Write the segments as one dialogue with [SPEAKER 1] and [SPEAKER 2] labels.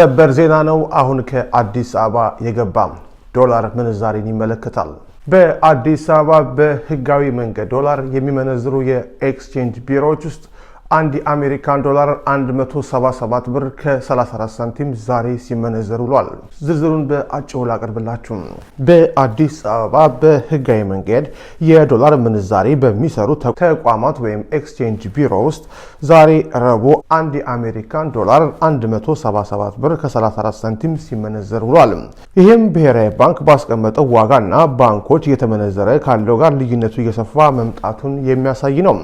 [SPEAKER 1] ሰበር ዜና ነው። አሁን ከአዲስ አበባ የገባ ዶላር ምንዛሬን ይመለከታል። በአዲስ አበባ በህጋዊ መንገድ ዶላር የሚመነዝሩ የኤክስቼንጅ ቢሮዎች ውስጥ አንድ የአሜሪካን ዶላር 177 ብር ከ34 ሳንቲም ዛሬ ሲመነዘር ውሏል። ዝርዝሩን በአጭሩ ላቀርብላችሁ። በአዲስ አበባ በህጋዊ መንገድ የዶላር ምንዛሬ በሚሰሩ ተቋማት ወይም ኤክስቼንጅ ቢሮ ውስጥ ዛሬ ረቡዕ አንድ የአሜሪካን ዶላር 177 ብር ከ34 ሳንቲም ሲመነዘር ውሏል። ይህም ብሔራዊ ባንክ ባስቀመጠው ዋጋና ባንኮች እየተመነዘረ ካለው ጋር ልዩነቱ እየሰፋ መምጣቱን የሚያሳይ ነው።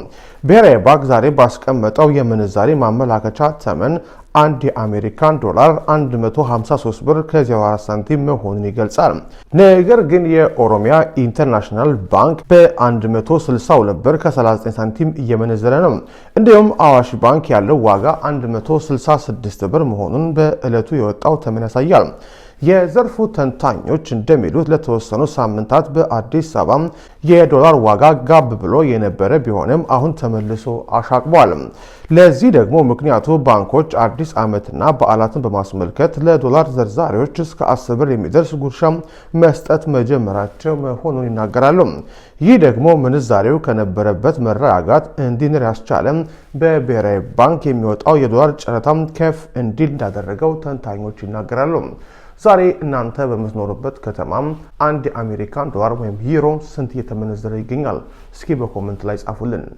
[SPEAKER 1] ብሔራዊ ባንክ ዛሬ ባስቀ የተቀመጠው የምንዛሬ ማመላከቻ ተመን አንድ የአሜሪካን ዶላር 153 ብር ከ04 ሳንቲም መሆኑን ይገልጻል። ነገር ግን የኦሮሚያ ኢንተርናሽናል ባንክ በ162 ብር ከ39 ሳንቲም እየመነዘረ ነው። እንዲሁም አዋሽ ባንክ ያለው ዋጋ 166 ብር መሆኑን በዕለቱ የወጣው ተመን ያሳያል። የዘርፉ ተንታኞች እንደሚሉት ለተወሰኑ ሳምንታት በአዲስ አበባ የዶላር ዋጋ ጋብ ብሎ የነበረ ቢሆንም አሁን ተመልሶ አሻቅቧል። ለዚህ ደግሞ ምክንያቱ ባንኮች አዲስ ዓመትና በዓላትን በማስመልከት ለዶላር ዘርዛሪዎች እስከ አስር ብር የሚደርስ ጉርሻ መስጠት መጀመራቸው መሆኑን ይናገራሉ። ይህ ደግሞ ምንዛሬው ከነበረበት መረጋጋት እንዲንር ያስቻለ በብሔራዊ ባንክ የሚወጣው የዶላር ጨረታ ከፍ እንዲል እንዳደረገው ተንታኞች ይናገራሉ። ዛሬ እናንተ በምትኖሩበት ከተማም አንድ የአሜሪካን ዶላር ወይም ዩሮ ስንት እየተመነዘረ ይገኛል? እስኪ በኮመንት ላይ ጻፉልን።